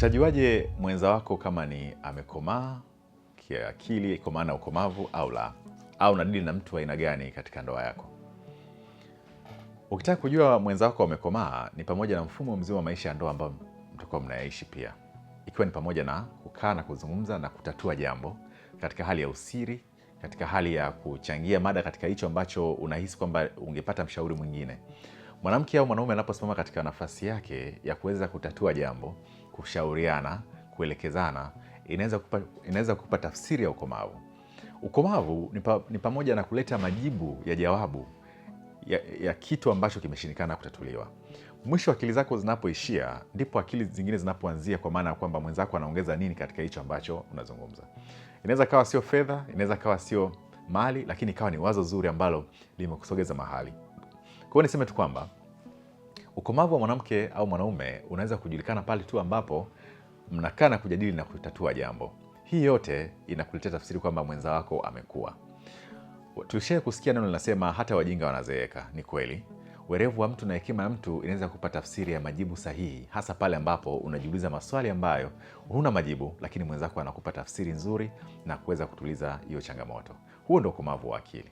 Utajuaje mwenza wako kama ni amekomaa kiakili, kwa maana ukomavu au la, au nadili na mtu wa aina gani katika ndoa yako? Ukitaka kujua mwenza wako amekomaa, ni pamoja na mfumo mzima wa maisha ya ndoa ambao mtakuwa mnayaishi, pia ikiwa ni pamoja na kukaa na kuzungumza na kutatua jambo katika hali ya usiri, katika hali ya kuchangia mada katika hicho ambacho unahisi kwamba ungepata mshauri mwingine. Mwanamke au mwanaume anaposimama katika nafasi yake ya kuweza kutatua jambo kushauriana, kuelekezana inaweza kupa, inaweza kupa tafsiri ya ukomavu. Ukomavu ni, pa, ni pamoja na kuleta majibu ya jawabu ya, ya kitu ambacho kimeshindikana kutatuliwa. Mwisho akili zako zinapoishia ndipo akili zingine zinapoanzia, kwa maana ya kwamba mwenzako anaongeza nini katika hicho ambacho unazungumza. Inaweza kawa sio fedha, inaweza kawa sio mali, lakini ikawa ni wazo zuri ambalo limekusogeza mahali. Kwa hiyo niseme tu kwamba Ukomavu wa mwanamke au mwanaume unaweza kujulikana pale tu ambapo mnakaa na kujadili na kutatua jambo. Hii yote inakuletea tafsiri kwamba mwenza wako amekuwa. Tulishae kusikia neno linasema hata wajinga wanazeeka. Ni kweli, werevu wa mtu na hekima ya mtu inaweza kupa tafsiri ya majibu sahihi, hasa pale ambapo unajiuliza maswali ambayo huna majibu, lakini mwenzako anakupa tafsiri nzuri na kuweza kutuliza hiyo changamoto. Huo ndo ukomavu wa akili.